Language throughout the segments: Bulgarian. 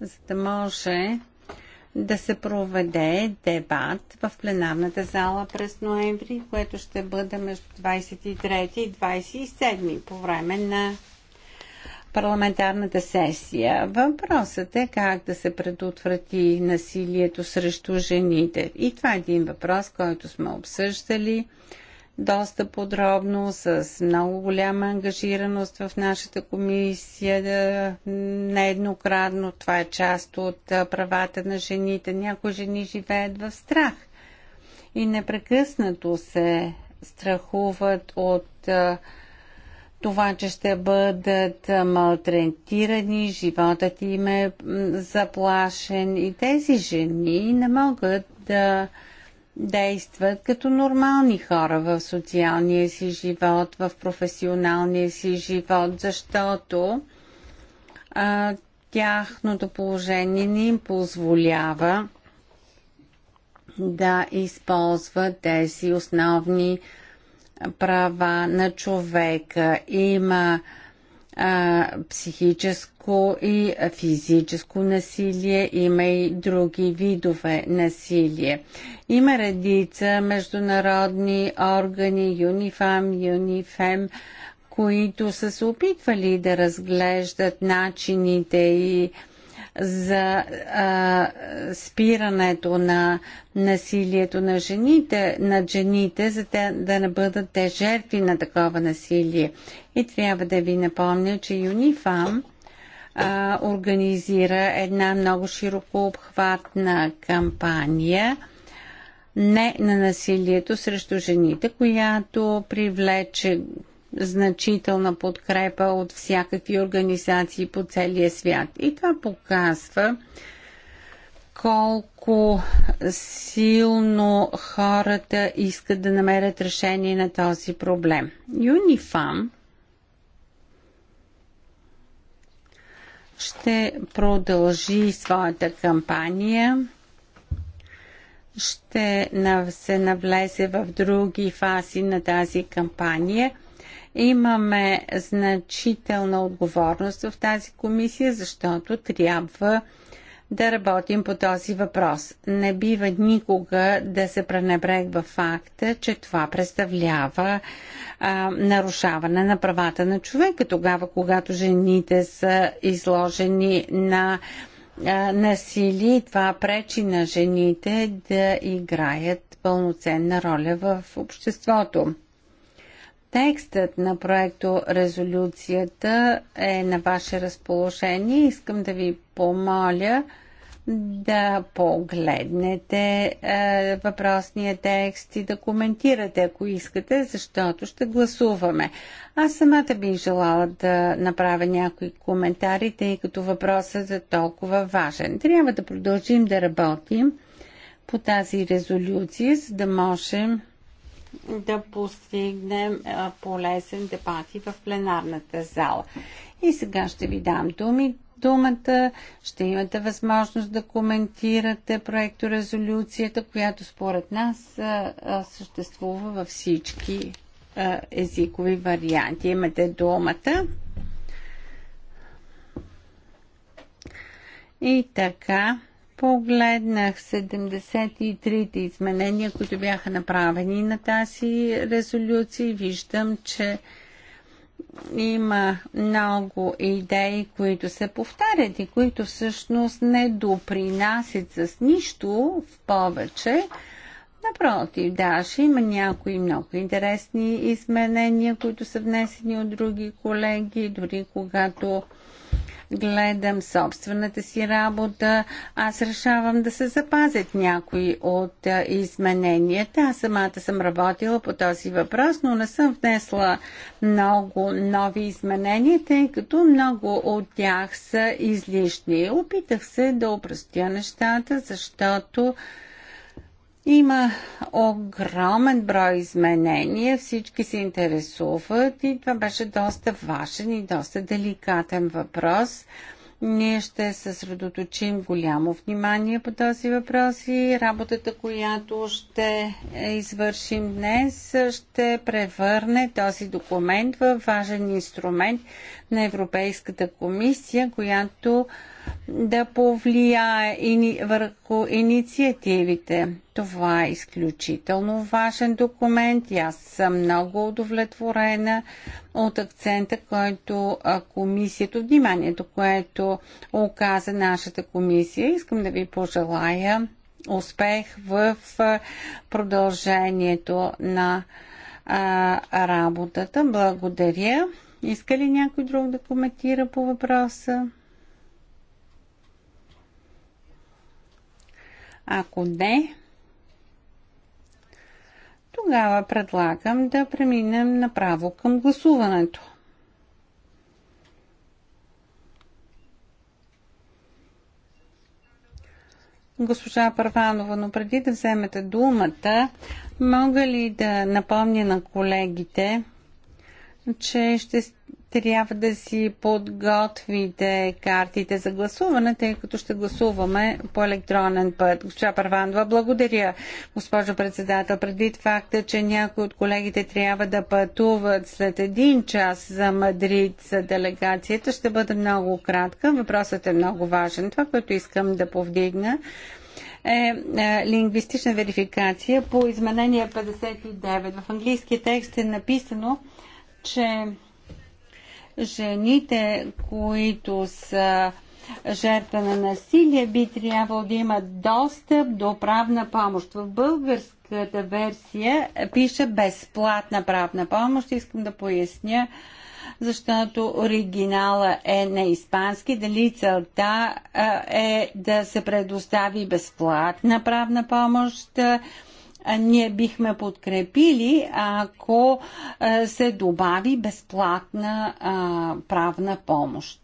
за да може да се проведе дебат в пленарната зала през ноември, което ще бъде между 23 и 27 по време на парламентарната сесия. Въпросът е как да се предотврати насилието срещу жените. И това е един въпрос, който сме обсъждали доста подробно, с много голяма ангажираност в нашата комисия, да, нееднократно. Това е част от правата на жените. Някои жени живеят в страх и непрекъснато се страхуват от а, това, че ще бъдат малтрентирани, животът им е заплашен и тези жени не могат да действат като нормални хора в социалния си живот, в професионалния си живот, защото а, тяхното положение не им позволява да използват тези основни права на човека. Има а, психическо физическо и физическо насилие, има и други видове насилие. Има редица международни органи, ЮНИФАМ, ЮНИФЕМ, които са се опитвали да разглеждат начините и за а, спирането на насилието на жените, на жените, за те, да не бъдат те жертви на такова насилие. И трябва да ви напомня, че ЮНИФАМ а, организира една много широко обхватна кампания не на насилието срещу жените, която привлече значителна подкрепа от всякакви организации по целия свят. И това показва колко силно хората искат да намерят решение на този проблем. Юнифам ще продължи своята кампания, ще се навлезе в други фази на тази кампания. Имаме значителна отговорност в тази комисия, защото трябва да работим по този въпрос. Не бива никога да се пренебрегва факта, че това представлява а, нарушаване на правата на човека тогава, когато жените са изложени на а, насилие. Това пречи на жените да играят пълноценна роля в обществото. Текстът на проекто резолюцията е на ваше разположение. Искам да ви помоля да погледнете е, въпросния текст и да коментирате, ако искате, защото ще гласуваме. Аз самата би желала да направя някои коментари, тъй като въпросът е толкова важен. Трябва да продължим да работим по тази резолюция, за да можем да постигнем полезен дебат и в пленарната зала. И сега ще ви дам думи, думата, ще имате възможност да коментирате проекторезолюцията, която според нас съществува във всички езикови варианти. Имате думата. И така, Погледнах 73-те изменения, които бяха направени на тази резолюция и виждам, че има много идеи, които се повтарят и които всъщност не допринасят с нищо в повече. Напротив, даже има някои много интересни изменения, които са внесени от други колеги, дори когато гледам собствената си работа, аз решавам да се запазят някои от измененията. Аз самата съм работила по този въпрос, но не съм внесла много нови изменения, тъй като много от тях са излишни. Опитах се да упростя нещата, защото има огромен брой изменения, всички се интересуват и това беше доста важен и доста деликатен въпрос. Ние ще съсредоточим голямо внимание по този въпрос и работата, която ще извършим днес, ще превърне този документ в важен инструмент на Европейската комисия, която да повлияе върху инициативите. Това е изключително важен документ и аз съм много удовлетворена от акцента, който комисията, вниманието, което оказа нашата комисия. Искам да ви пожелая успех в продължението на работата. Благодаря. Иска ли някой друг да коментира по въпроса? Ако не, тогава предлагам да преминем направо към гласуването. Госпожа Парванова, но преди да вземете думата, мога ли да напомня на колегите, че ще трябва да си подготвите картите за гласуване, тъй като ще гласуваме по електронен път. Госпожа Парвандова, благодаря, госпожо председател. Предвид факта, че някои от колегите трябва да пътуват след един час за Мадрид за делегацията, ще бъде много кратка. Въпросът е много важен. Това, което искам да повдигна, е, е лингвистична верификация по изменение 59. В английския текст е написано, че жените, които са жертва на насилие, би трябвало да имат достъп до правна помощ. В българската версия пише безплатна правна помощ. Искам да поясня, защото оригинала е на испански. Дали целта е да се предостави безплатна правна помощ? ние бихме подкрепили, ако се добави безплатна правна помощ.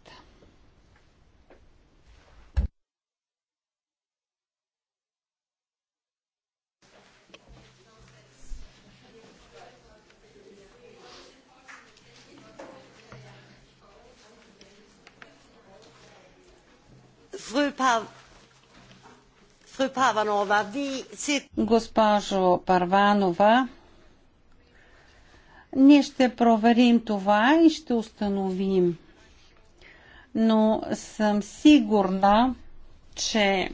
Fru Госпожо Парванова, ние ще проверим това и ще установим. Но съм сигурна, че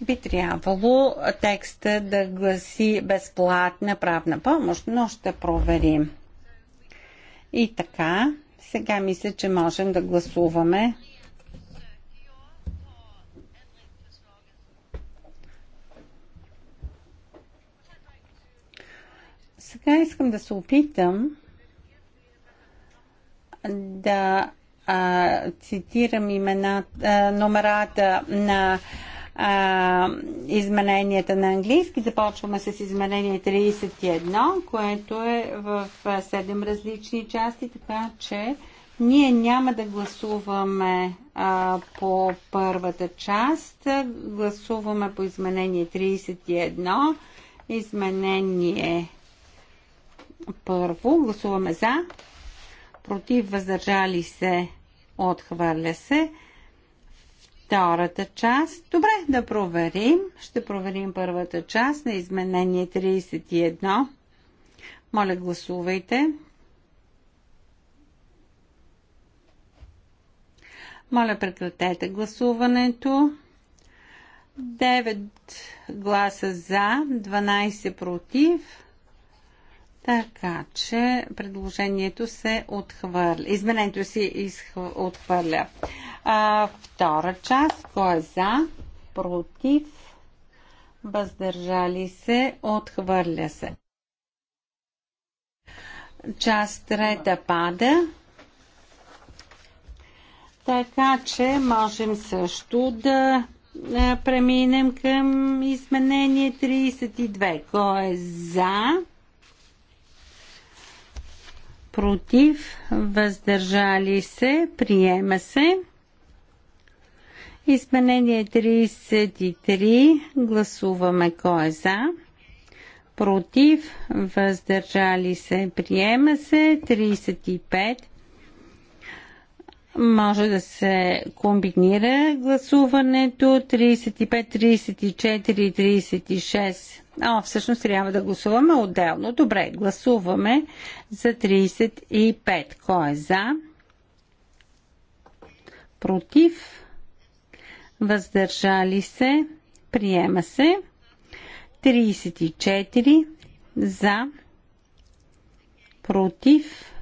би трябвало текста да гласи безплатна правна помощ, но ще проверим. И така, сега мисля, че можем да гласуваме. Сега искам да се опитам да а, цитирам имена, а, номерата на а, измененията на английски. Започваме с изменение 31, което е в 7 различни части, така че ние няма да гласуваме а, по първата част. Гласуваме по изменение 31, изменение първо гласуваме за, против, въздържали се, отхвърля се. Втората част. Добре, да проверим. Ще проверим първата част на изменение 31. Моля, гласувайте. Моля, прекратете гласуването. 9 гласа за, 12 против. Така че предложението се отхвърля. Изменението си отхвърля. А, втора част. Кой е за? Против? Въздържали се? Отхвърля се. Част трета пада. Така че можем също да е, преминем към изменение 32. Кой е за? против, въздържали се, приема се. Изменение 33. Гласуваме кой е за. Против, въздържали се, приема се. 35 може да се комбинира гласуването 35, 34 и 36. А, всъщност трябва да гласуваме отделно. Добре, гласуваме за 35. Кой е за? Против? Въздържали се? Приема се. 34 за. Против?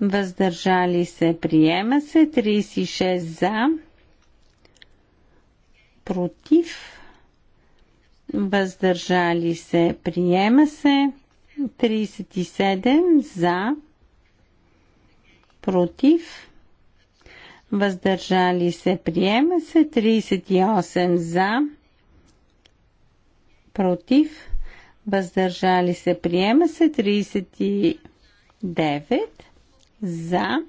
въздържали се, приема се, 36 за, против, въздържали се, приема се, 37 за, против, въздържали се, приема се, 38 за, против, въздържали се, приема се, 39 за,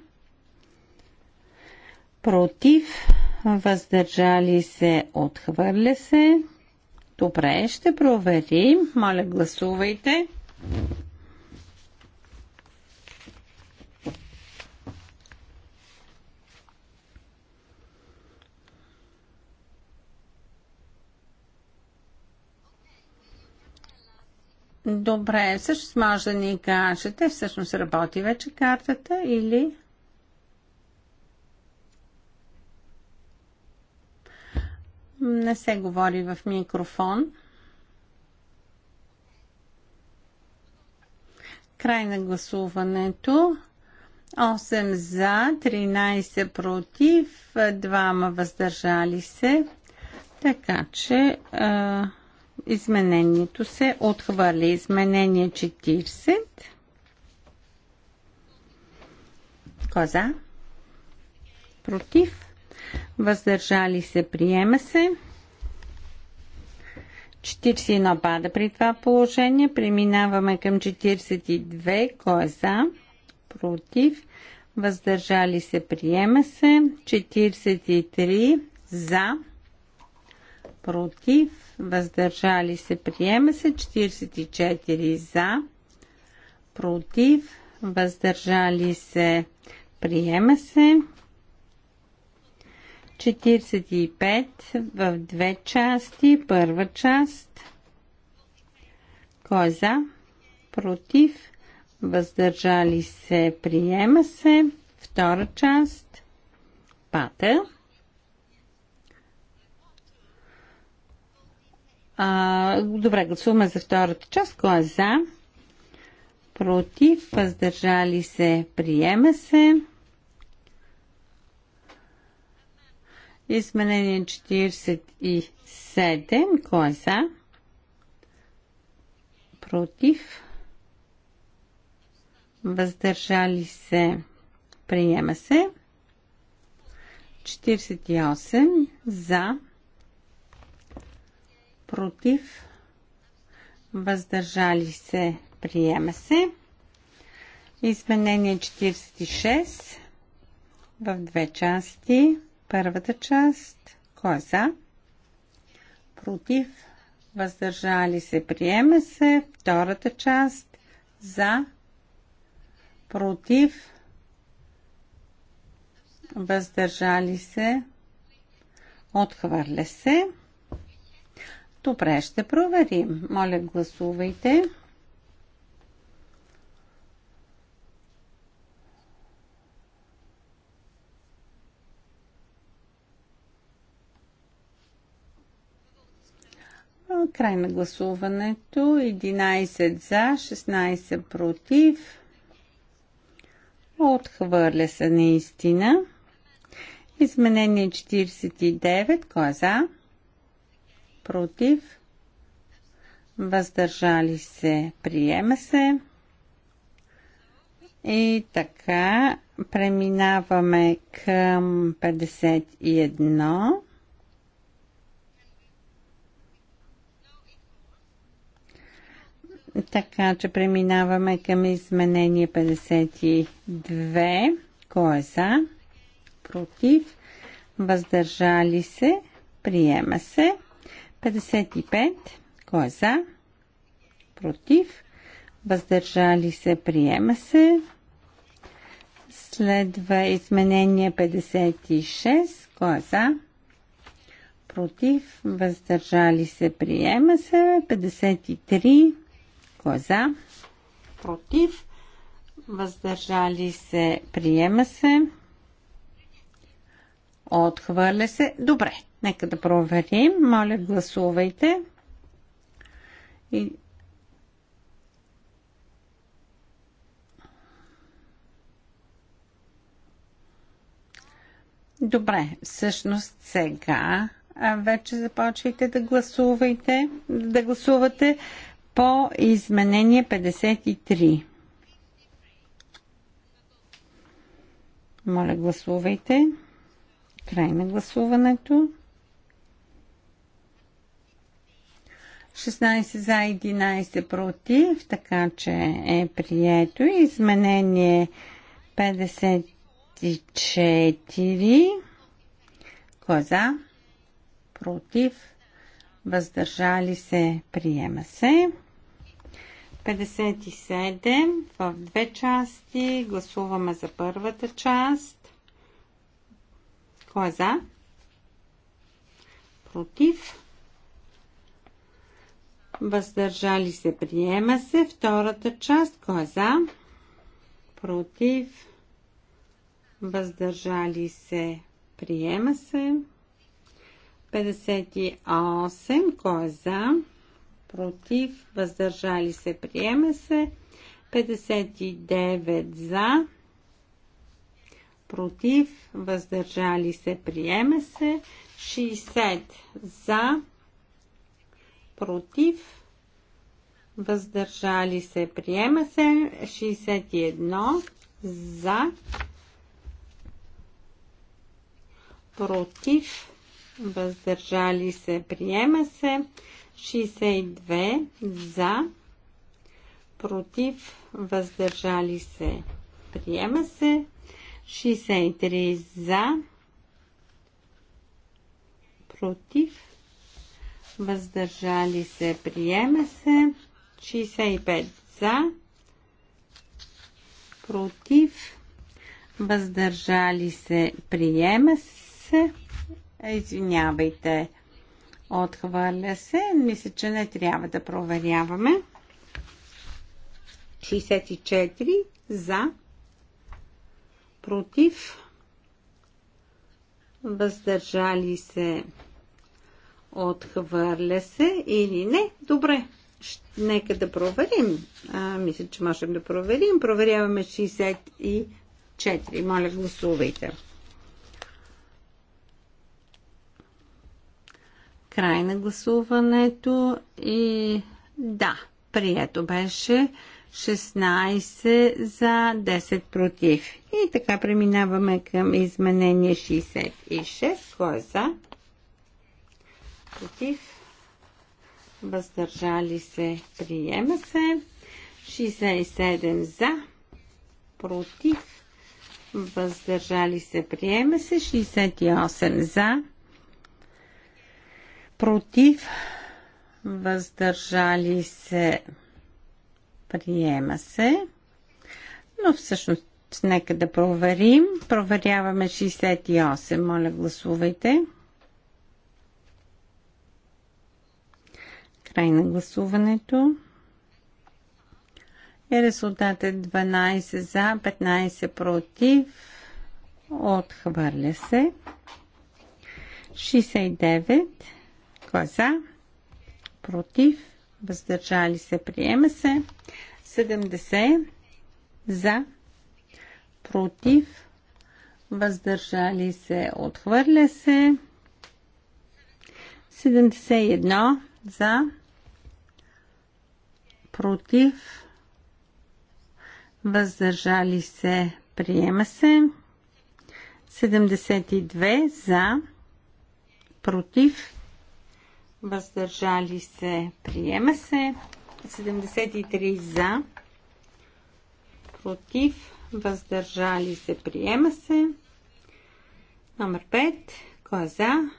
против, въздържали се, отхвърля се. Добре, ще проверим. Моля, гласувайте. Добре, всъщност може да ни кажете, всъщност работи вече картата или... Не се говори в микрофон. Край на гласуването. 8 за, 13 против, 2 въздържали се. Така че... А Изменението се отхвърля. Изменение 40. Коза. Против. Въздържали се. Приема се. 41 пада при това положение. Преминаваме към 42. Кой е за? Против. Въздържали се. Приема се. 43. Е за. Против въздържали се, приема се 44 за, против, въздържали се, приема се 45 в две части, първа част, кой е за, против, въздържали се, приема се, втора част, пата. А, добре, гласуваме за втората част. Кой е за? Против, въздържали се, приема се. Изменение 47. Кой е за? Против. Въздържали се. Приема се. 48. За против, въздържали се, приема се. Изменение 46 в две части. Първата част, кой е за? Против, въздържали се, приема се. Втората част, за, против, въздържали се, отхвърля се. Добре, ще проверим. Моля, гласувайте. Край на гласуването. 11 за, 16 против. Отхвърля се наистина. Изменение 49. Кой е за? против, въздържали се, приема се. И така, преминаваме към 51. Така че преминаваме към изменение 52. Кой е за? Против? Въздържали се? Приема се. 55. Кой е за? Против. Въздържали се. Приема се. Следва изменение 56. Кой е за? Против. Въздържали се. Приема се. 53. Кой е за? Против. Въздържали се. Приема се. Отхвърля се. Добре. Нека да проверим. Моля, гласувайте. И... Добре, всъщност сега вече започвайте да гласувайте, да гласувате по изменение 53. Моля, гласувайте. Край на гласуването. 16 за 11 против, така че е прието. Изменение 54. Коза е Против. Въздържали се. Приема се. 57 в две части. Гласуваме за първата част. Коза е Против въздържали се, приема се. Втората част, кой е за, против, въздържали се, приема се. 58, кой е за, против, въздържали се, приема се. 59 за, против, въздържали се, приема се. 60 за, против, въздържали се, приема се 61 за, против, въздържали се, приема се 62 за, против, въздържали се, приема се 63 за, против, въздържали се, приема се, 65 за, против, въздържали се, приема се, извинявайте, отхвърля се, мисля, че не трябва да проверяваме. 64 за, против, въздържали се, приема се, Отхвърля се или не? Добре. Нека да проверим. А, мисля, че можем да проверим. Проверяваме 64. Моля, гласувайте. Край на гласуването и да, прието беше 16 за 10 против. И така преминаваме към изменение 66. Кой е за? против, въздържали се, приема се. 67 за, против, въздържали се, приема се. 68 за, против, въздържали се, приема се. Но всъщност нека да проверим. Проверяваме 68. Моля, гласувайте. Край на гласуването. И резултат е 12 е за, 15 против. Отхвърля се. 69. Кой е за? Против. Въздържали се. Приема се. 70. За. Против. Въздържали се. Отхвърля се. 71. За против, въздържали се, приема се. 72 за, против, въздържали се, приема се. 73 за, против, въздържали се, приема се. Номер 5, кой е за,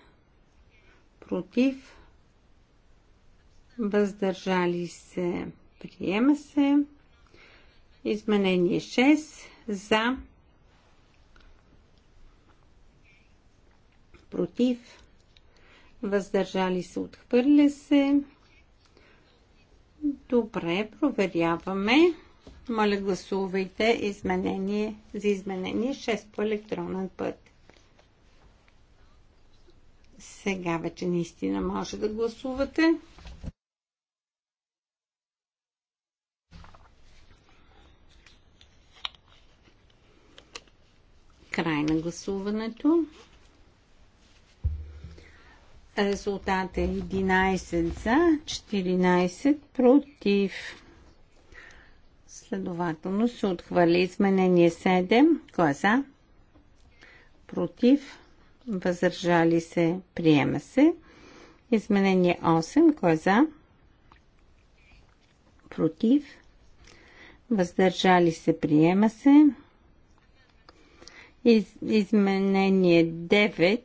против, въздържали се, приема се. Приема се. Изменение 6 за. Против. Въздържали се. Отхвърля се. Добре, проверяваме. Моля, гласувайте изменение за изменение 6 по електронен път. Сега вече наистина може да гласувате. Край на гласуването. Резултат е 11 за, 14 против. Следователно се отхвали изменение 7. Кой е за? Против. Въздържали се. Приема се. Изменение 8. Кой е за? Против. Въздържали се. Приема се. Из, изменение 9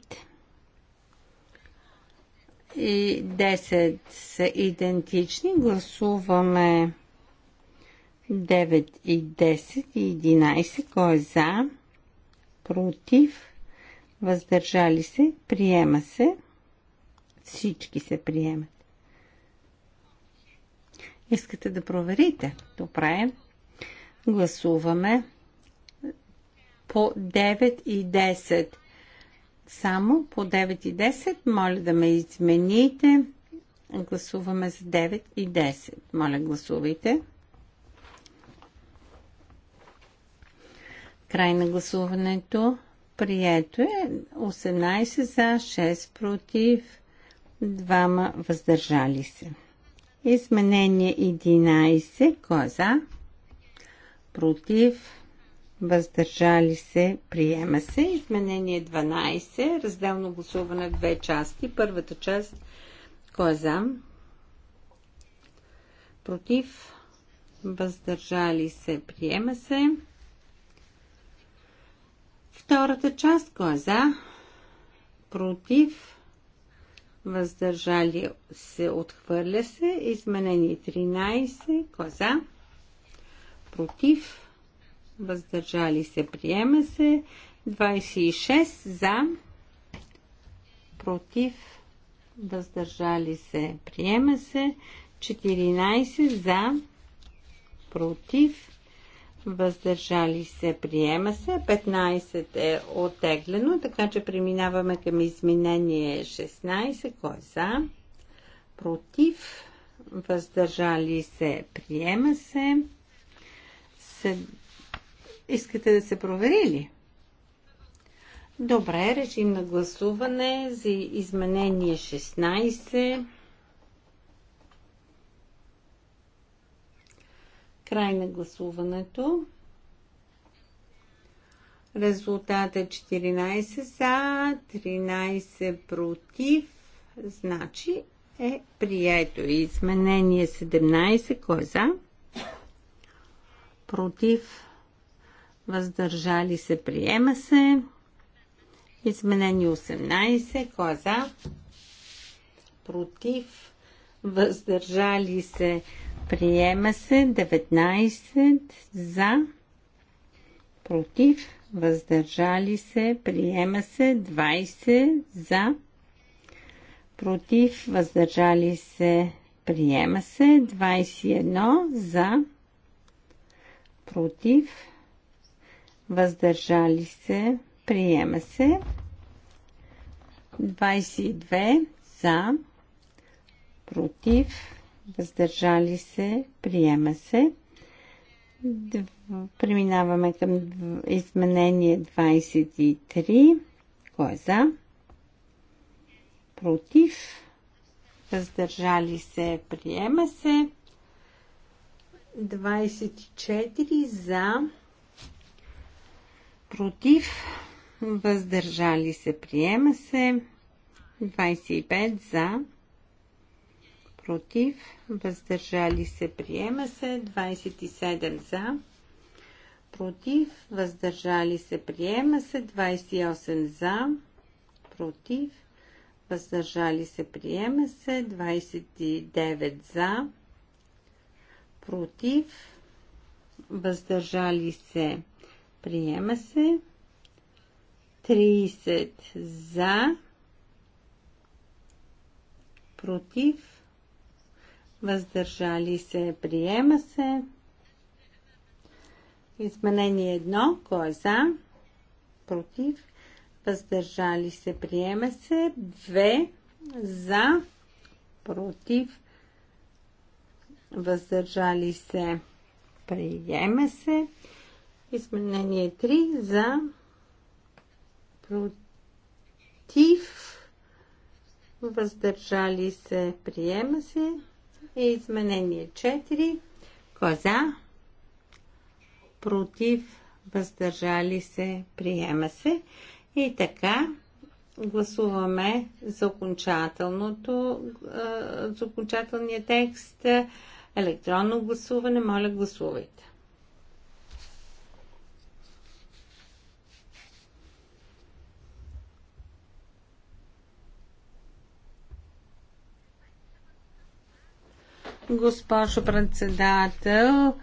и 10 са идентични. Гласуваме 9 и 10 и 11. Кой е за? Против? Въздържали се? Приема се. Всички се приемат. Искате да проверите? Добре. Гласуваме по 9 и 10. Само по 9 и 10. Моля да ме измените. Гласуваме за 9 и 10. Моля, гласувайте. Край на гласуването. Прието е 18 за, 6 против, 2 въздържали се. Изменение 11. Кой е за? Против въздържали се, приема се. Изменение 12, разделно гласуване в две части. Първата част, кой е за? Против, въздържали се, приема се. Втората част, кой е за? Против, въздържали се, отхвърля се. Изменение 13, кой е за? Против, въздържали се, приема се. 26 за, против, въздържали се, приема се. 14 за, против, въздържали се, приема се. 15 е отеглено, така че преминаваме към изменение 16. Кой е за? Против, въздържали се, приема се. Искате да се провери ли? Добре, режим на гласуване за изменение 16. Край на гласуването. Резултат е 14 за, 13 против. Значи е прието. Изменение 17. Кой е за? Против въздържали се, приема се. изменени 18, кой е за? Против, въздържали се, приема се. 19, за, против, въздържали се, приема се. 20, за, против, въздържали се, приема се. 21, за, против, въздържали се, приема се. 22 за, против, въздържали се, приема се. Преминаваме към изменение 23. Кой е за? Против. Въздържали се, приема се. 24 за против, въздържали се, приема се. 25 за, против, въздържали се, приема се. 27 за, против, въздържали се, приема се. 28 за, против, въздържали се, приема се. 29 за, против, въздържали се, Приема се. 30 за. Против. Въздържали се. Приема се. Изменение 1. Кой е за? Против. Въздържали се. Приема се. 2 за. Против. Въздържали се. Приема се. Изменение 3 за против въздържали се, приема се. И изменение 4 коза против въздържали се, приема се. И така гласуваме за окончателното, за окончателния текст електронно гласуване. Моля, гласувайте. Госпожо председател,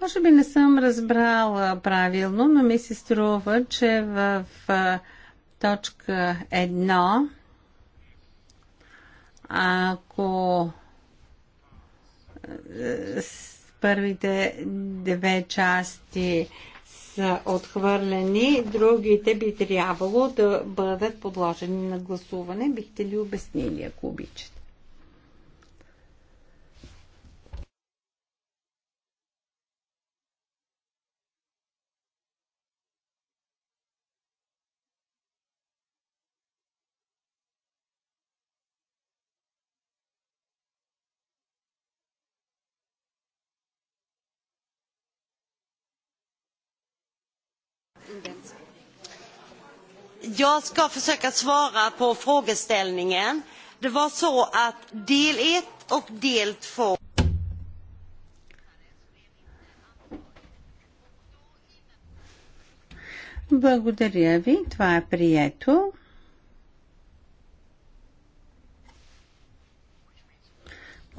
може би не съм разбрала правилно, но ми се струва, че в точка 1, ако първите две части са отхвърлени, другите би трябвало да бъдат подложени на гласуване. Бихте ли обяснили, ако обичате? Jag ska försöka svara på frågeställningen. Det var så att del 1 och del 2 Благодаря ви. Това е прието.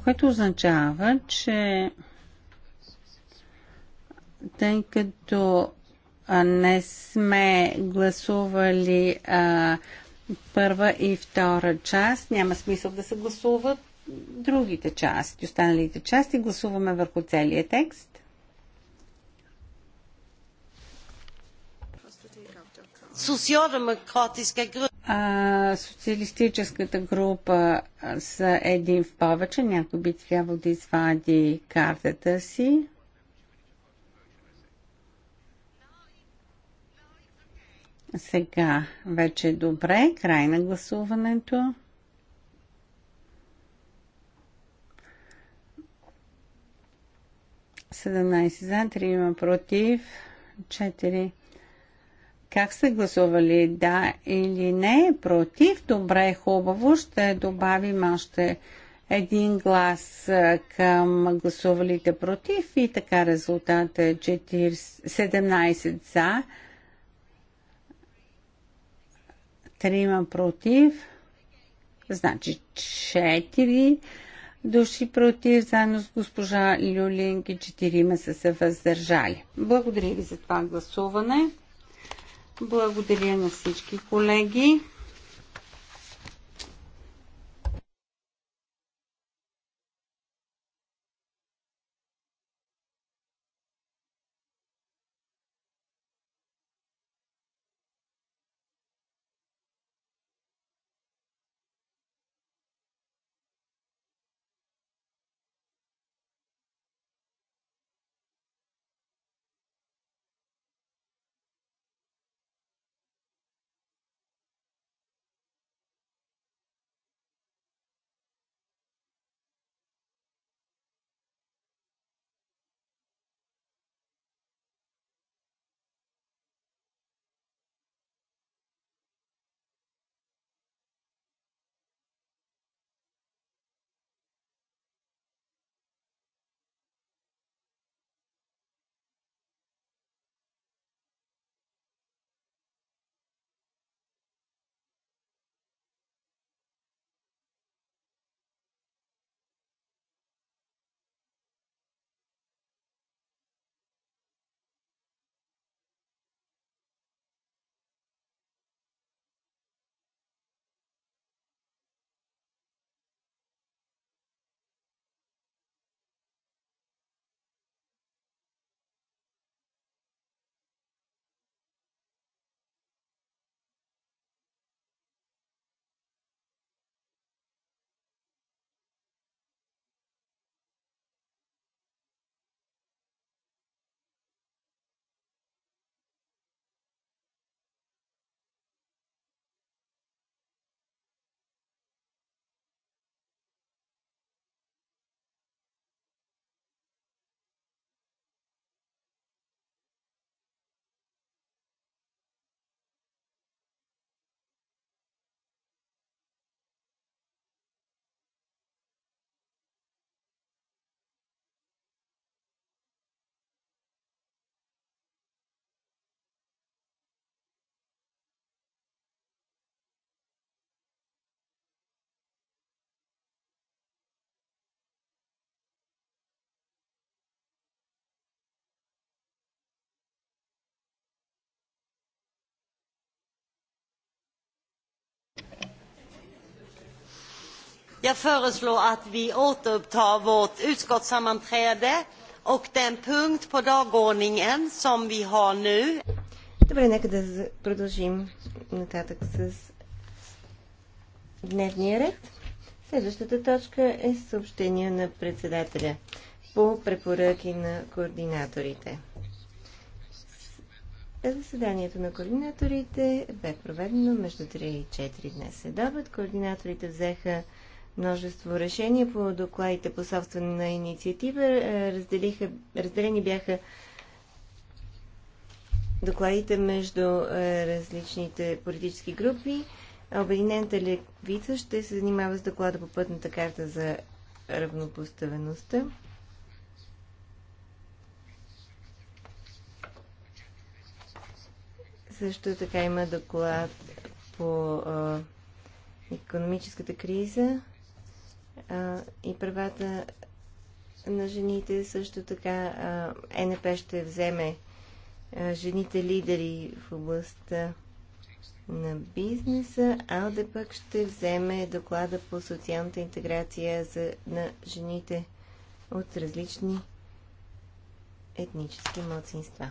Което означава, че тъй като не сме гласували а, първа и втора част. Няма смисъл да се гласуват другите части, останалите части. Гласуваме върху целия текст. А, социалистическата група са един в повече. Някой би трябвало да извади картата си. Сега вече е добре. Край на гласуването. Седемнайсет за, има против, четири. Как са гласували да или не? Против? Добре, хубаво. Ще добавим още един глас към гласувалите против и така резултатът е 17 за, трима против, значи 4 души против, заедно с госпожа Люлинг и 4 са се въздържали. Благодаря ви за това гласуване. Благодаря на всички колеги. Jag föreslår att vi återupptar vårt utskottssammanträde och den punkt på dagordningen som vi har nu. Добре, нека да продължим нататък с дневния ред. Следващата точка е съобщение на председателя по препоръки на координаторите. Заседанието на координаторите бе проведено между 3 и 4 днес след Координаторите взеха множество решения по докладите по собствена инициатива. Е, разделиха, разделени бяха докладите между е, различните политически групи. Обединената левица ще се занимава с доклада по пътната карта за равнопоставеността. Също така има доклад по а, е, економическата криза и правата на жените. Също така НП ще вземе жените лидери в областта на бизнеса. а пък ще вземе доклада по социалната интеграция за, на жените от различни етнически младсинства.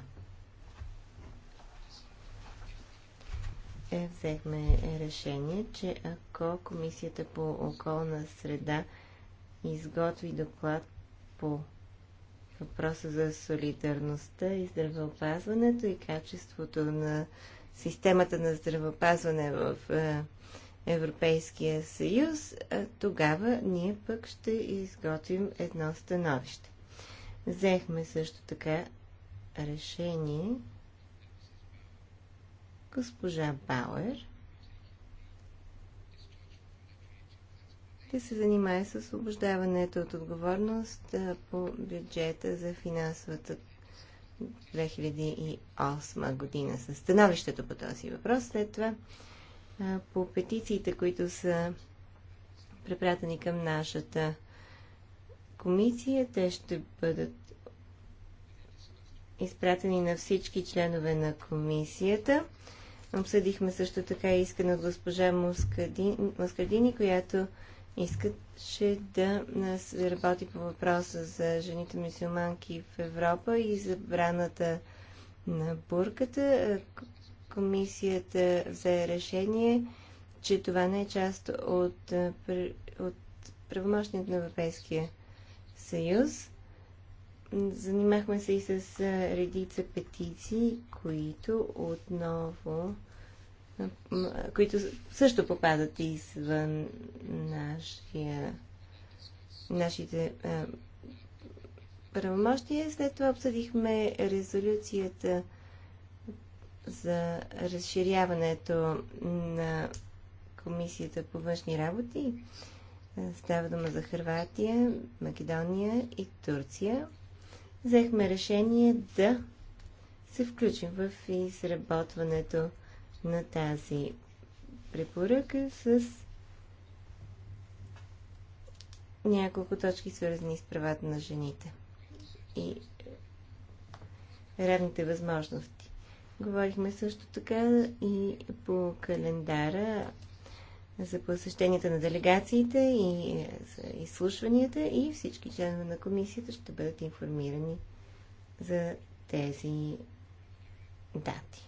Е, взехме решение, че ако Комисията по околна среда изготви доклад по въпроса за солидарността и здравеопазването и качеството на системата на здравеопазване в е, Европейския съюз, е, тогава ние пък ще изготвим едно становище. Взехме също така решение госпожа Бауер да се занимае с освобождаването от отговорност по бюджета за финансовата 2008 година с становището по този въпрос. След това по петициите, които са препратени към нашата комисия, те ще бъдат изпратени на всички членове на комисията. Обсъдихме също така искане от госпожа Маскардини, която искаше да работи по въпроса за жените мусулманки в Европа и забраната на бурката. Комисията взе решение, че това не е част от, от правомощният на Европейския съюз. Занимахме се и с редица петиции, които отново които също попадат извън нашия, нашите правомощия. След това обсъдихме резолюцията за разширяването на Комисията по външни работи. Става дума за Хрватия, Македония и Турция взехме решение да се включим в изработването на тази препоръка с няколко точки, свързани с правата на жените и равните възможности. Говорихме също така и по календара за посещенията на делегациите и за изслушванията и всички членове на комисията ще бъдат информирани за тези дати.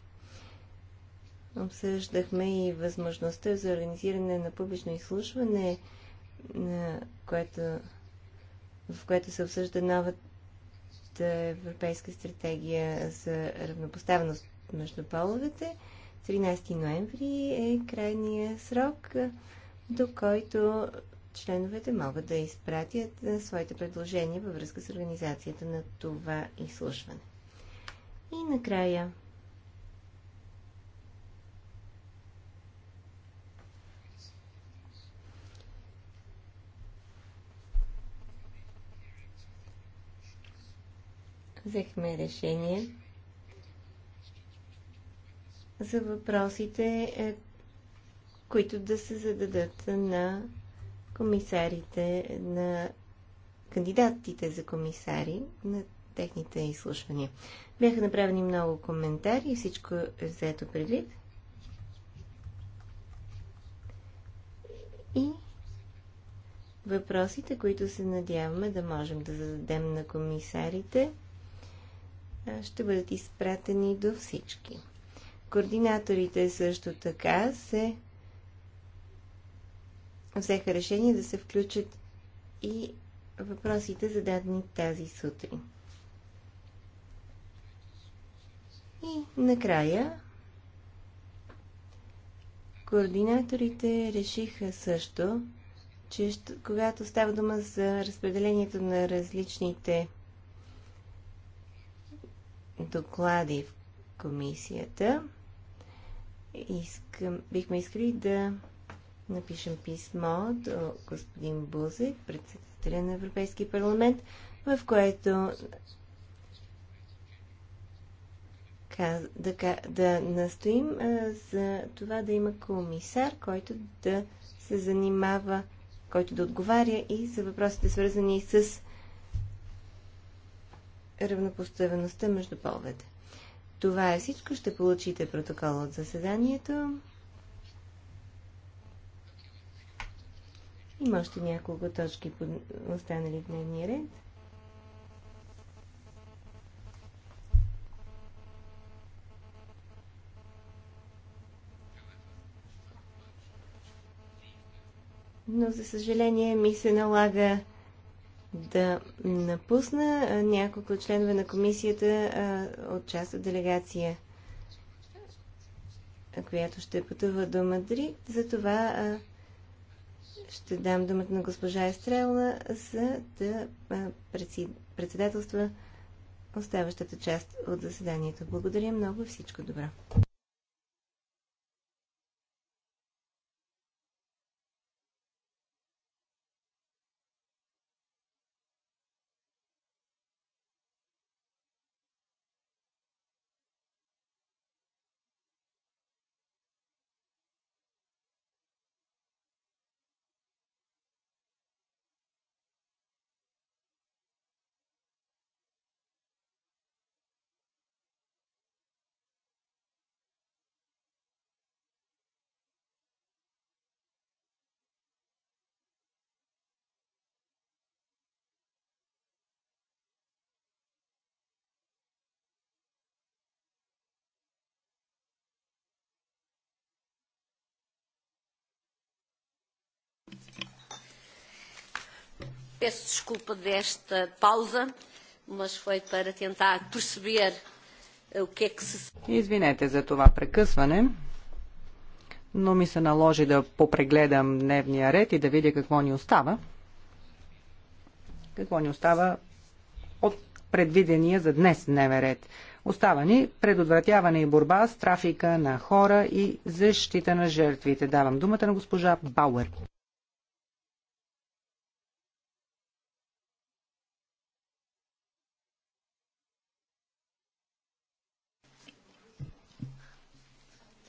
Обсъждахме и възможността за организиране на публично изслушване, на което, в което се обсъжда новата Европейска стратегия за равнопоставеност между половете. 13 ноември е крайния срок, до който членовете могат да изпратят е, своите предложения във връзка с организацията на това изслушване. И накрая взехме решение за въпросите, е, които да се зададат на комисарите, на кандидатите за комисари на техните изслушвания. Бяха направени много коментари и всичко е взето предвид. И въпросите, които се надяваме да можем да зададем на комисарите, ще бъдат изпратени до всички. Координаторите също така се взеха решение да се включат и въпросите зададени тази сутрин. И накрая координаторите решиха също, че когато става дума за разпределението на различните доклади в комисията, Искам, бихме искали да напишем писмо до господин Бузек, председателя на Европейския парламент, в което да, да настоим за това да има комисар, който да се занимава, който да отговаря и за въпросите свързани с равнопоставеността между половете. Това е всичко. Ще получите протокол от заседанието. Има още няколко точки под... останали в дневния ред. Но, за съжаление, ми се налага да напусна. Няколко членове на комисията от част от делегация, която ще пътува до Мадрид. Затова ще дам думата на госпожа Естрела, за да председателства оставащата част от заседанието. Благодаря много, и всичко добро. Peço desculpa desta pausa, mas foi para tentar perceber eh, o que é que se... Извинете за това прекъсване, но ми се наложи да попрегледам дневния ред и да видя какво ни остава. Какво ни остава от предвидения за днес дневен ред. Остава ни предотвратяване и борба с трафика на хора и защита на жертвите. Давам думата на госпожа Бауер.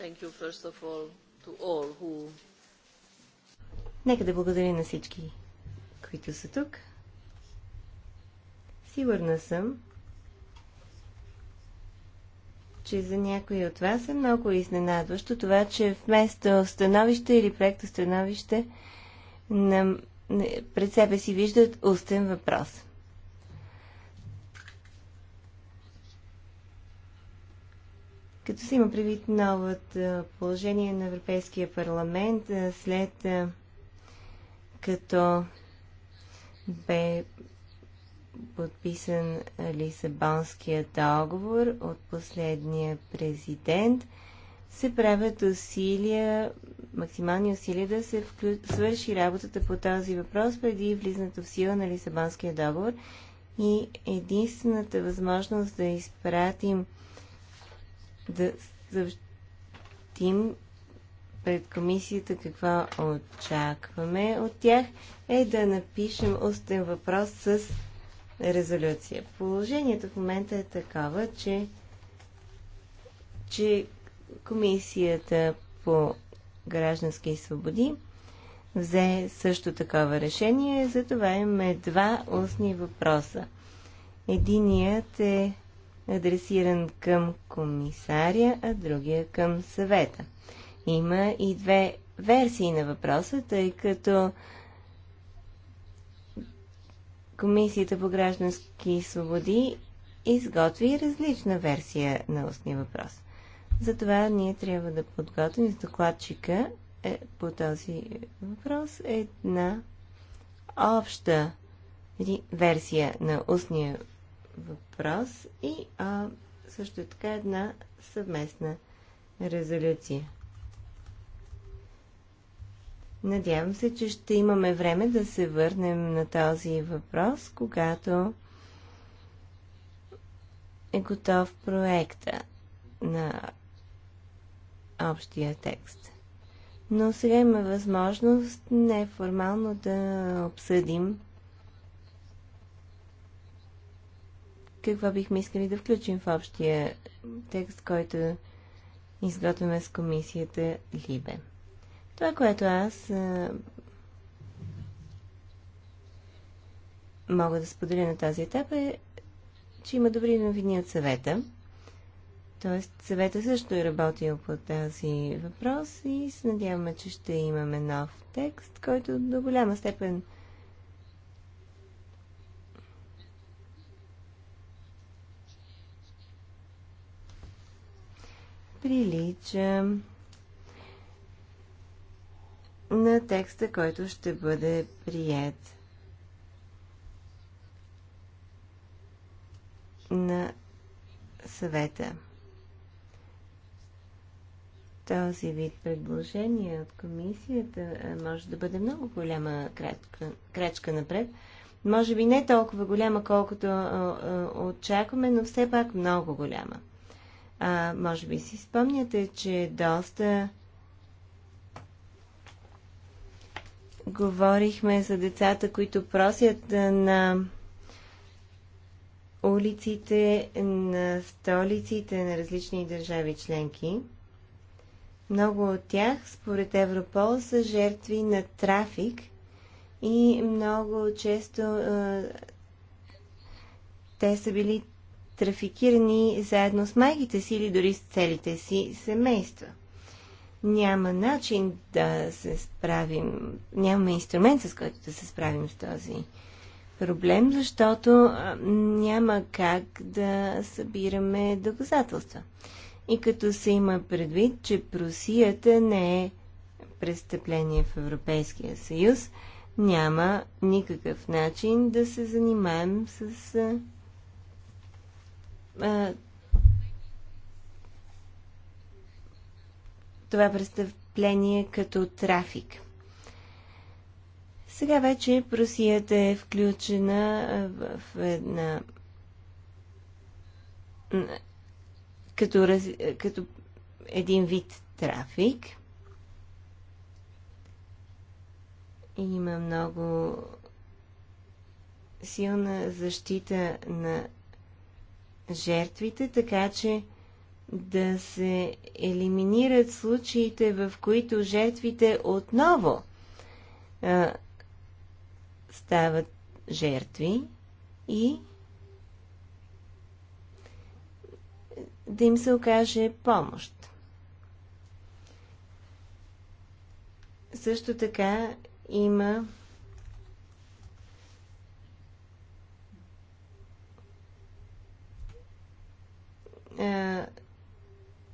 Thank you first of all to all who... Нека да благодаря на всички, които са тук. Сигурна съм, че за някои от вас е много изненадващо това, че вместо становище или проекто становище на... пред себе си виждат устен въпрос. Като се има предвид новото положение на Европейския парламент, след като бе подписан Лисабонския договор от последния президент, се правят усилия, максимални усилия да се вклю... свърши работата по този въпрос преди влизането в сила на Лисабонския договор и единствената възможност да изпратим да съобщим пред комисията какво очакваме от тях, е да напишем устен въпрос с резолюция. Положението в момента е такова, че, че комисията по граждански свободи взе също такова решение, затова имаме два устни въпроса. Единият е адресиран към комисаря, а другия към съвета. Има и две версии на въпроса, тъй като Комисията по граждански свободи изготви различна версия на устния въпрос. Затова ние трябва да подготвим с докладчика е, по този въпрос една обща версия на устния въпрос и а, също така една съвместна резолюция. Надявам се, че ще имаме време да се върнем на този въпрос, когато е готов проекта на общия текст. Но сега има възможност неформално да обсъдим какво бихме искали да включим в общия текст, който изготвяме с комисията Либе. Това, което аз а, мога да споделя на тази етап е, че има добри новини от съвета. Тоест, съвета също е работил по тази въпрос и се надяваме, че ще имаме нов текст, който до голяма степен прилича на текста, който ще бъде прият на съвета. Този вид предложения от комисията може да бъде много голяма крачка, напред. Може би не толкова голяма, колкото очакваме, но все пак много голяма. А, може би си спомняте, че доста говорихме за децата, които просят на улиците, на столиците на различни държави членки. Много от тях, според Европол, са жертви на трафик и много често те са били трафикирани заедно с майките си или дори с целите си семейства. Няма начин да се справим, нямаме инструмент с който да се справим с този проблем, защото няма как да събираме доказателства. И като се има предвид, че просията не е престъпление в Европейския съюз, няма никакъв начин да се занимаем с това престъпление като трафик. Сега вече просията е включена в една като, раз... като един вид трафик. Има много силна защита на жертвите, така че да се елиминират случаите, в които жертвите отново а, стават жертви и да им се окаже помощ. Също така има а, е,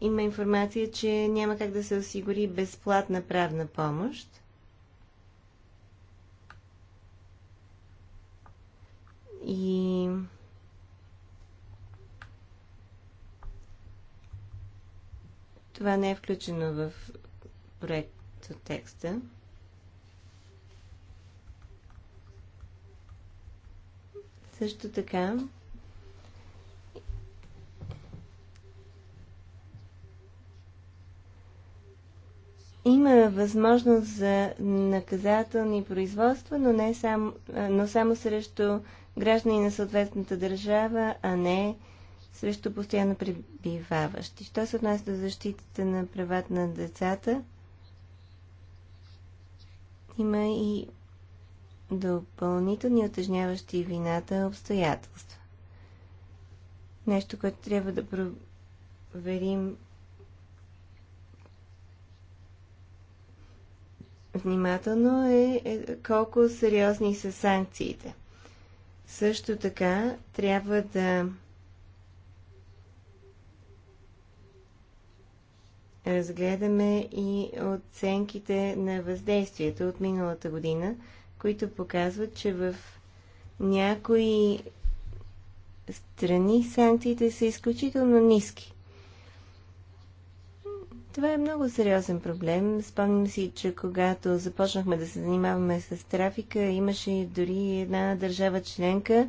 има информация, че няма как да се осигури безплатна правна помощ. И това не е включено в проекто текста. Също така възможност за наказателни производства, но, не сам, но само срещу граждани на съответната държава, а не срещу постоянно пребиваващи. Що се отнася до защитата на правата на децата, има и допълнителни отъжняващи вината обстоятелства. Нещо, което трябва да проверим внимателно е, е колко сериозни са санкциите. Също така трябва да разгледаме и оценките на въздействието от миналата година, които показват, че в някои страни санкциите са изключително ниски. Това е много сериозен проблем. Спомням си, че когато започнахме да се занимаваме с трафика, имаше дори една държава членка,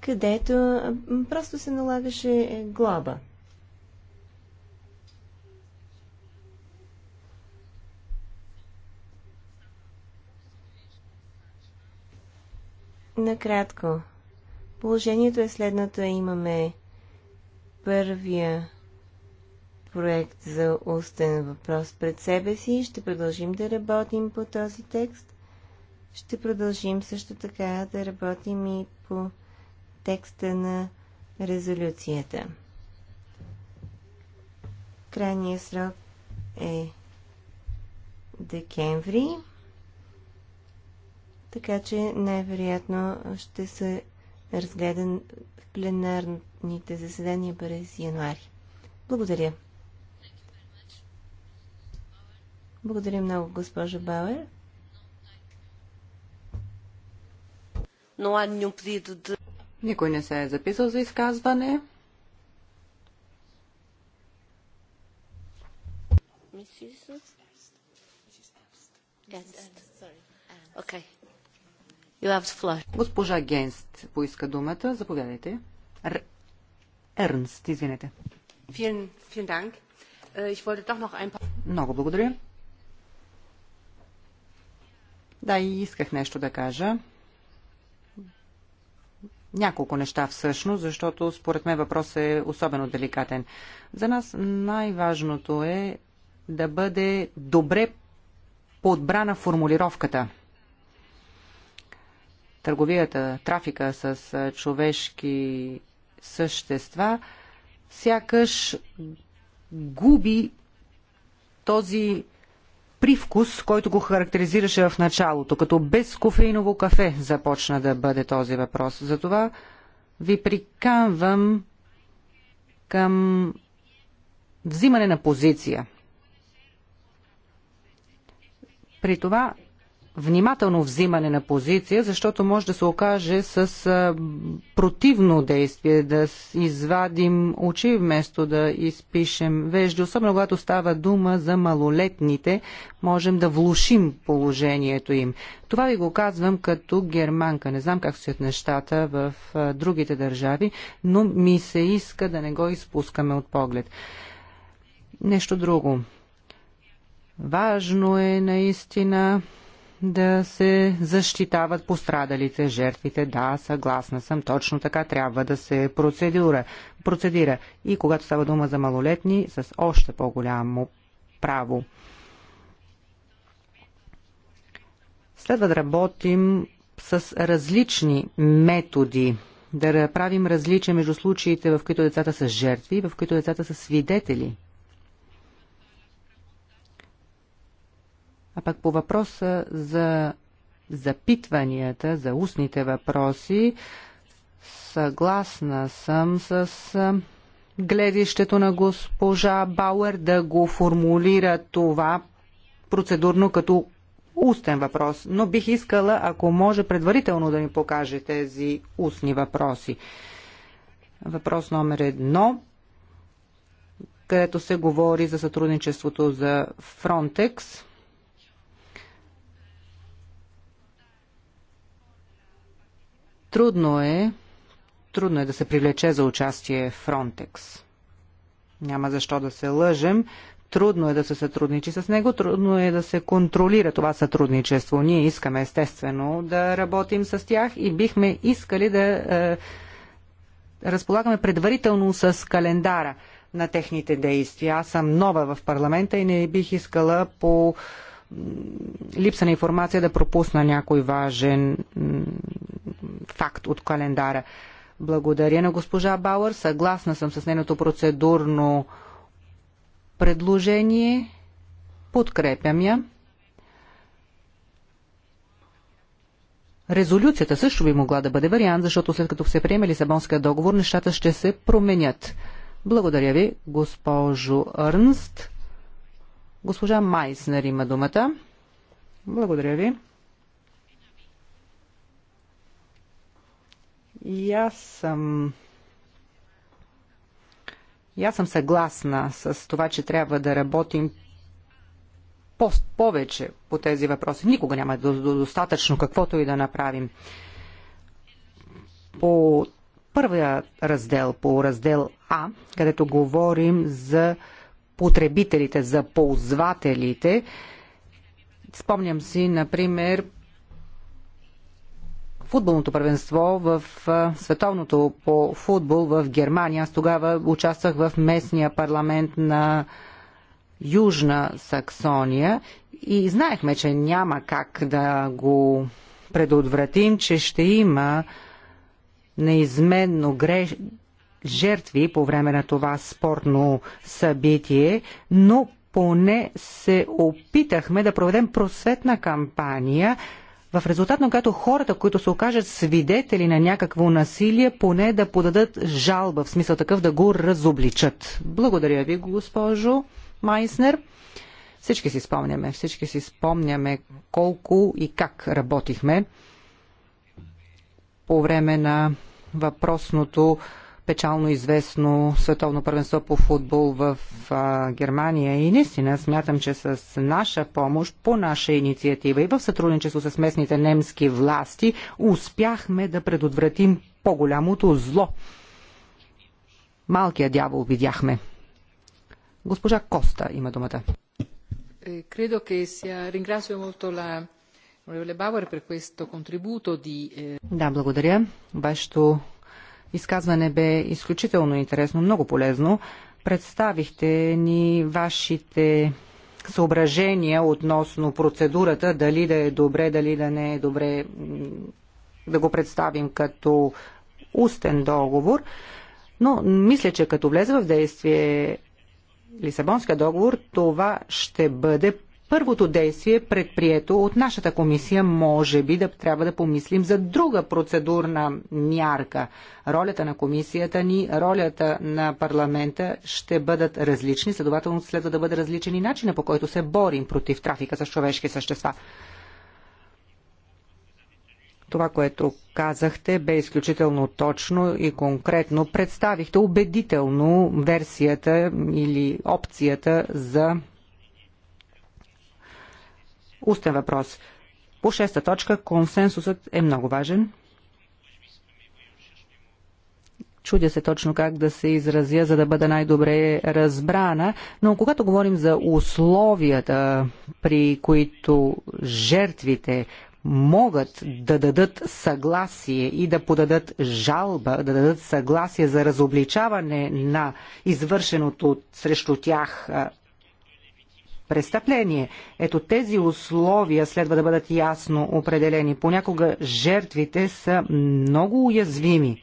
където просто се налагаше глоба. накратко. Положението е следното. Имаме първия проект за устен въпрос пред себе си. Ще продължим да работим по този текст. Ще продължим също така да работим и по текста на резолюцията. Крайният срок е декември така че най-вероятно ще се разгледан в пленарните заседания през януари. Благодаря. Благодаря много, госпожа Бауер. Никой не се е записал за изказване. Okay. Госпожа Генст поиска думата. Заповядайте. Р... Ернст, извинете. Vielen, vielen äh, ein... Много благодаря. Да, и исках нещо да кажа. Няколко неща всъщност, защото според мен въпрос е особено деликатен. За нас най-важното е да бъде добре подбрана формулировката – търговията, трафика с човешки същества, сякаш губи този привкус, който го характеризираше в началото, като без кофеиново кафе започна да бъде този въпрос. Затова ви приканвам към взимане на позиция. При това внимателно взимане на позиция, защото може да се окаже с противно действие, да извадим очи вместо да изпишем вежди. Особено когато става дума за малолетните, можем да влушим положението им. Това ви го казвам като германка. Не знам как стоят нещата в другите държави, но ми се иска да не го изпускаме от поглед. Нещо друго. Важно е наистина да се защитават пострадалите, жертвите. Да, съгласна съм, точно така трябва да се процедура, процедира. И когато става дума за малолетни, с още по-голямо право. Следва да работим с различни методи, да правим различия между случаите, в които децата са жертви и в които децата са свидетели – А пък по въпроса за запитванията, за устните въпроси, съгласна съм с гледището на госпожа Бауер да го формулира това процедурно като устен въпрос, но бих искала, ако може предварително да ми покаже тези устни въпроси. Въпрос номер едно, където се говори за сътрудничеството за Фронтекс – Трудно е, трудно е да се привлече за участие Фронтекс. Няма защо да се лъжем. Трудно е да се сътрудничи с него, трудно е да се контролира това сътрудничество. Ние искаме естествено да работим с тях и бихме искали да е, разполагаме предварително с календара на техните действия. Аз съм нова в парламента и не бих искала по липса на информация да пропусна някой важен факт от календара. Благодаря на госпожа Бауър. Съгласна съм с нейното процедурно предложение. Подкрепям я. Резолюцията също би могла да бъде вариант, защото след като се приеме Лисабонския договор, нещата ще се променят. Благодаря ви, госпожо Арнст. Госпожа Майснер има думата. Благодаря ви. аз съм аз съм съгласна с това, че трябва да работим повече по тези въпроси. Никога няма до, достатъчно каквото и да направим. По първия раздел, по раздел А, където говорим за потребителите, за ползвателите, спомням си, например, футболното първенство в световното по футбол в Германия. Аз тогава участвах в местния парламент на Южна Саксония и знаехме, че няма как да го предотвратим, че ще има неизменно греш... жертви по време на това спортно събитие, но поне се опитахме да проведем просветна кампания – в резултат на което хората, които се окажат свидетели на някакво насилие, поне да подадат жалба, в смисъл такъв да го разобличат. Благодаря ви, госпожо Майснер. Всички си спомняме, всички си спомняме колко и как работихме по време на въпросното печално известно световно първенство по футбол в а, Германия. И наистина смятам, че с наша помощ, по наша инициатива и в сътрудничество с местните немски власти успяхме да предотвратим по-голямото зло. Малкият дявол видяхме. Госпожа Коста има думата. Credo che sia, ringrazio molto la Bauer per questo contributo di... Да, благодаря. Вашето изказване бе изключително интересно, много полезно. Представихте ни вашите съображения относно процедурата, дали да е добре, дали да не е добре да го представим като устен договор. Но мисля, че като влезе в действие Лисабонския договор, това ще бъде първото действие, предприето от нашата комисия, може би да трябва да помислим за друга процедурна мярка. Ролята на комисията ни, ролята на парламента ще бъдат различни, следователно следва да бъде различен и начина по който се борим против трафика с човешки същества. Това, което казахте, бе изключително точно и конкретно. Представихте убедително версията или опцията за Устен въпрос. По шеста точка консенсусът е много важен. Чудя се точно как да се изразя, за да бъда най-добре разбрана, но когато говорим за условията, при които жертвите могат да дадат съгласие и да подадат жалба, да дадат съгласие за разобличаване на извършеното срещу тях престъпление. Ето тези условия следва да бъдат ясно определени. Понякога жертвите са много уязвими.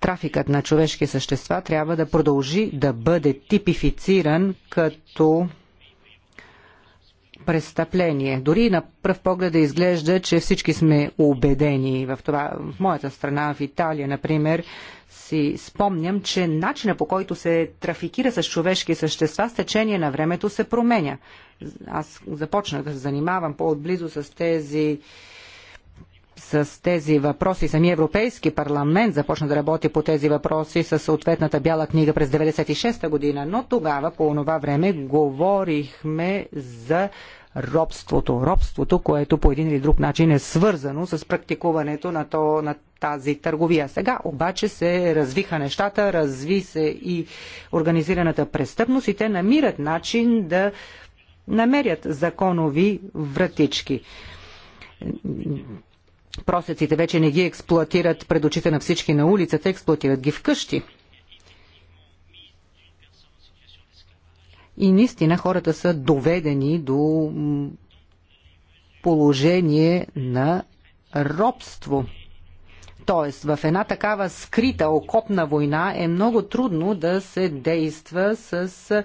Трафикът на човешки същества трябва да продължи да бъде типифициран като престъпление. Дори на пръв поглед да изглежда, че всички сме убедени в това. В моята страна, в Италия, например, си спомням, че начина по който се трафикира с човешки същества с течение на времето се променя. Аз започнах да се занимавам по-отблизо с тези с тези въпроси. Самия Европейски парламент започна да работи по тези въпроси с съответната бяла книга през 1996 година, но тогава по онова време говорихме за робството. Робството, което по един или друг начин е свързано с практикуването на, то, на тази търговия. Сега обаче се развиха нещата, разви се и организираната престъпност и те намират начин да намерят законови вратички. Просеците вече не ги експлуатират пред очите на всички на улицата, експлуатират ги вкъщи. И наистина хората са доведени до положение на робство. Тоест, в една такава скрита окопна война е много трудно да се действа с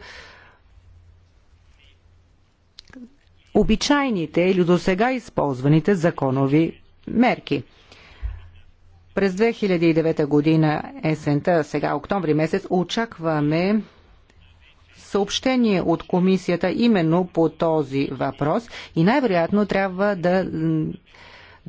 обичайните или до сега използваните законови мерки. През 2009 година есента, сега октомври месец, очакваме съобщение от комисията именно по този въпрос и най-вероятно трябва да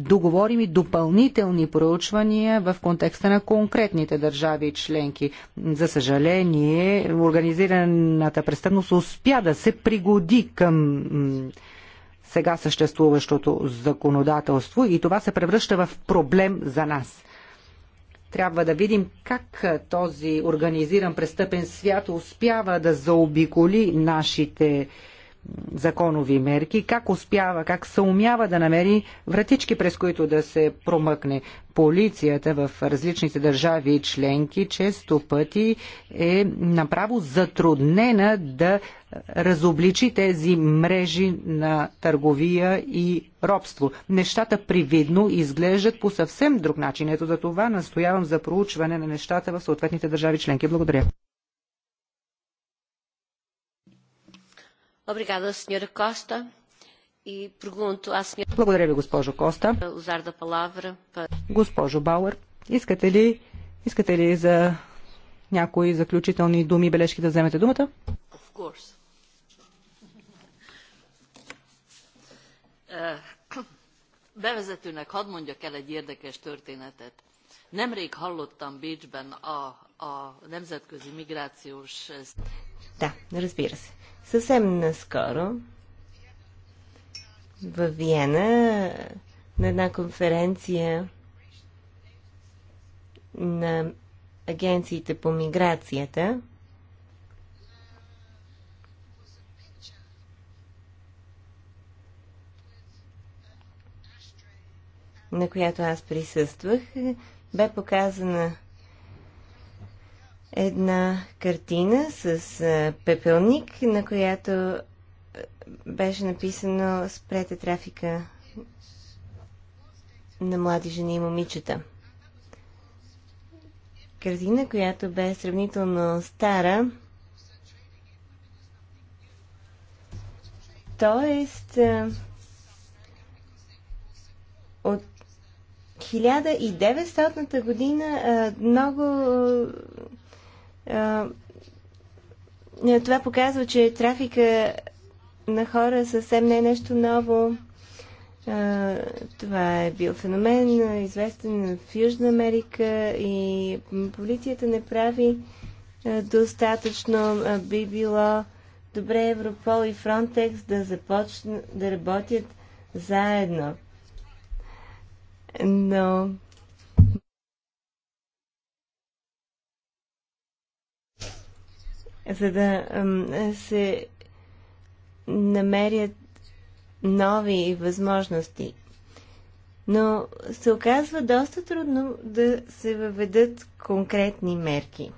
договорим и допълнителни проучвания в контекста на конкретните държави и членки. За съжаление, организираната престъпност успя да се пригоди към сега съществуващото законодателство и това се превръща в проблем за нас. Трябва да видим как този организиран престъпен свят успява да заобиколи нашите законови мерки, как успява, как съумява да намери вратички, през които да се промъкне. Полицията в различните държави и членки често пъти е направо затруднена да разобличи тези мрежи на търговия и робство. Нещата привидно изглеждат по съвсем друг начин. Ето за това настоявам за проучване на нещата в съответните държави членки. Благодаря. E Благодаря ви, госпожо Коста. Госпожо Бауер, искате ли, искате ли за някои заключителни думи и бележки да вземете думата? Е, Bevezetőnek hadd mondjak el egy érdekes történetet. Nemrég hallottam Bécsben a, a nemzetközi migrációs... Да, разбира се. Съвсем наскоро в Виена на една конференция на агенциите по миграцията. на която аз присъствах, бе показана една картина с пепелник, на която беше написано Спрете трафика на млади жени и момичета. Картина, която бе сравнително стара, Тоест, от 1900 година много това показва, че трафика на хора съвсем не е нещо ново. Това е бил феномен, известен в Южна Америка и полицията не прави достатъчно. Би било добре Европол и Фронтекс да започнат да работят заедно. Но за да се намерят нови възможности. Но се оказва доста трудно да се въведат конкретни мерки.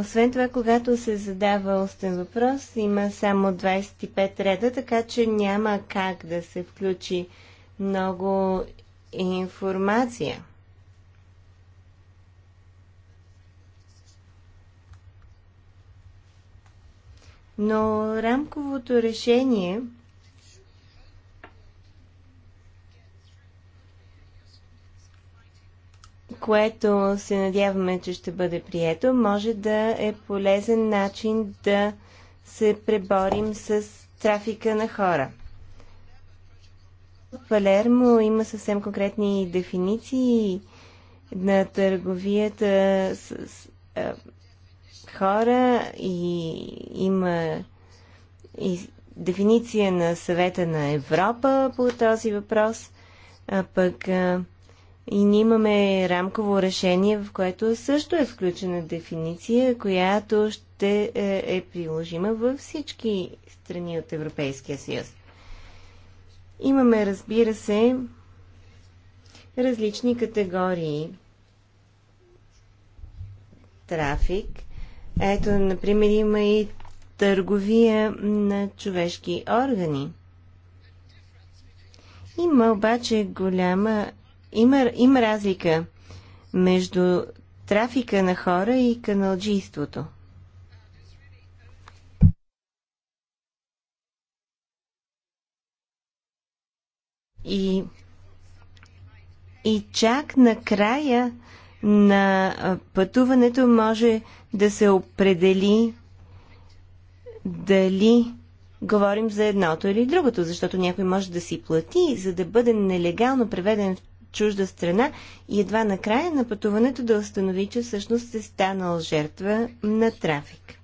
Освен това, когато се задава устен въпрос, има само 25 реда, така че няма как да се включи много информация. Но рамковото решение – което се надяваме, че ще бъде прието, може да е полезен начин да се преборим с трафика на хора. В Палермо има съвсем конкретни дефиниции на търговията с, с а, хора и има и дефиниция на съвета на Европа по този въпрос, а пък а, и ние имаме рамково решение, в което също е включена дефиниция, която ще е, е приложима във всички страни от Европейския съюз. Имаме, разбира се, различни категории трафик. Ето, например, има и търговия на човешки органи. Има обаче голяма има, има разлика между трафика на хора и каналджийството. И, и чак накрая на пътуването може да се определи дали говорим за едното или другото, защото някой може да си плати, за да бъде нелегално преведен в чужда страна и едва накрая на пътуването да установи, че всъщност е станал жертва на трафик.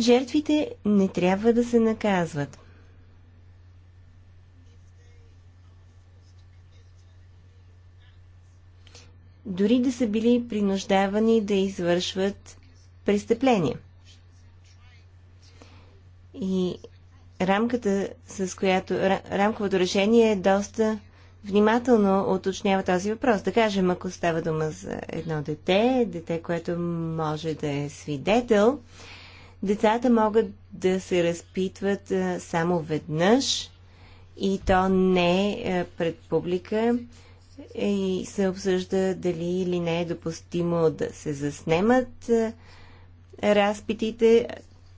Жертвите не трябва да се наказват. Дори да са били принуждавани да извършват престъпления. И рамката, с която рамковото решение е доста внимателно уточнява този въпрос. Да кажем, ако става дума за едно дете, дете, което може да е свидетел, децата могат да се разпитват само веднъж и то не пред публика и се обсъжда дали или не е допустимо да се заснемат разпитите.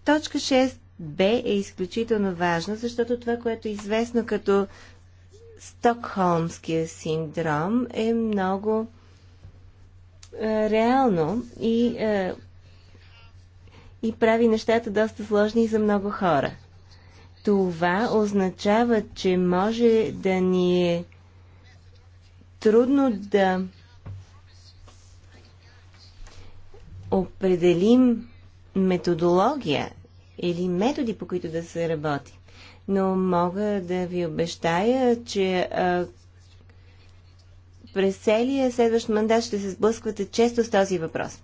Точка 6 Б е изключително важно, защото това, което е известно като Стокхолмския синдром, е много е, реално и, е, и прави нещата доста сложни за много хора. Това означава, че може да ни е трудно да определим методология или методи, по които да се работи. Но мога да ви обещая, че а, през целия следващ мандат ще се сблъсквате често с този въпрос.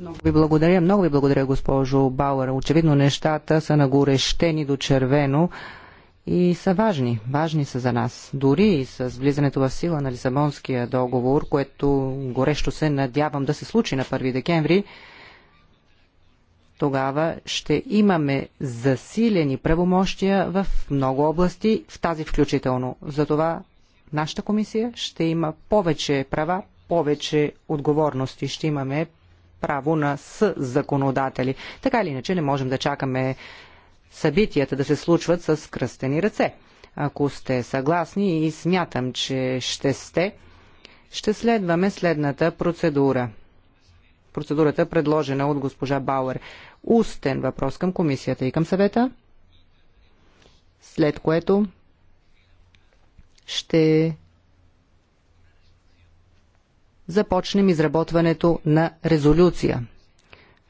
Много ви благодаря, много ви благодаря, госпожо Бауер. Очевидно нещата са нагорещени до червено и са важни. Важни са за нас. Дори и с влизането в сила на Лисабонския договор, което горещо се надявам да се случи на 1 декември, тогава ще имаме засилени правомощия в много области, в тази включително. Затова нашата комисия ще има повече права, повече отговорности. Ще имаме право на законодатели. Така или иначе не можем да чакаме събитията да се случват с кръстени ръце. Ако сте съгласни и смятам, че ще сте, ще следваме следната процедура – процедурата, предложена от госпожа Бауер. Устен въпрос към комисията и към съвета, след което ще започнем изработването на резолюция.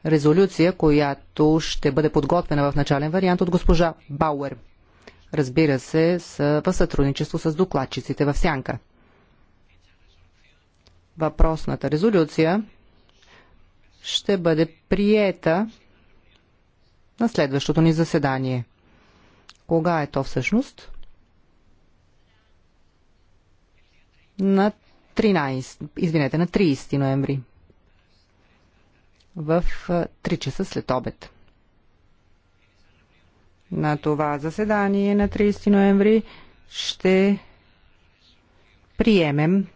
Резолюция, която ще бъде подготвена в начален вариант от госпожа Бауер. Разбира се, в сътрудничество с докладчиците в Сянка. Въпросната резолюция ще бъде приета на следващото ни заседание. Кога е то всъщност? На 13, извинете, на 30 ноември. В 3 часа след обед. На това заседание на 30 ноември ще приемем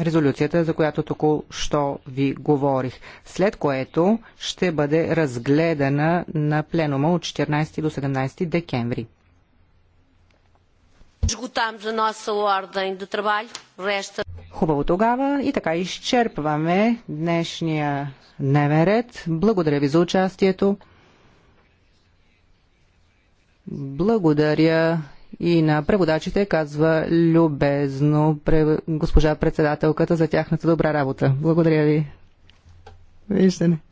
резолюцията, за която току-що ви говорих, след което ще бъде разгледана на пленума от 14 до 17 декември. Хубаво тогава и така изчерпваме днешния дневен ред. Благодаря ви за участието. Благодаря и на преводачите, казва любезно госпожа председателката за тяхната добра работа. Благодаря ви. Виждане.